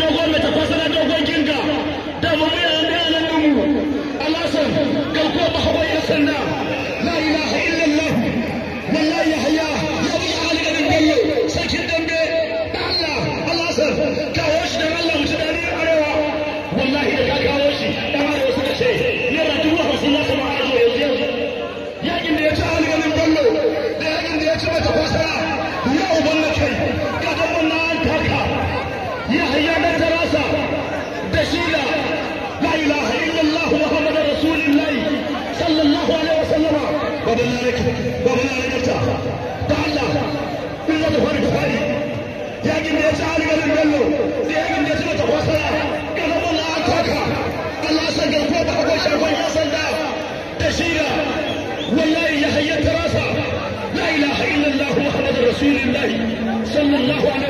dogon mai tafasa dogon ginga da mu mai an da nan mu Allah san kan ko ba hawa ya sanna la ilaha illallah wallahi yahya ya bi ali garin bello sakin dambe da Allah Allah san kawo shi dan Allah mutu dare arewa wallahi da ka kawo shi dan arewa suka ce yana dubu hamsin na sama arewa yanzu yakin da ya ci ali garin bello da yakin da ya ci mai tafasa عليه وسلم وبذلك وبذلك ارتاح تعالى من يدخل البخاري لكن يسعى لقلب قلو لكن يسمى وصلا كتب الله أكوكا الله سجل فوق أبو شرف يصل تشيرا والله يحيى الدراسة لا إله إلا الله محمد رسول الله صلى الله عليه وسلم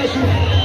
Thank you.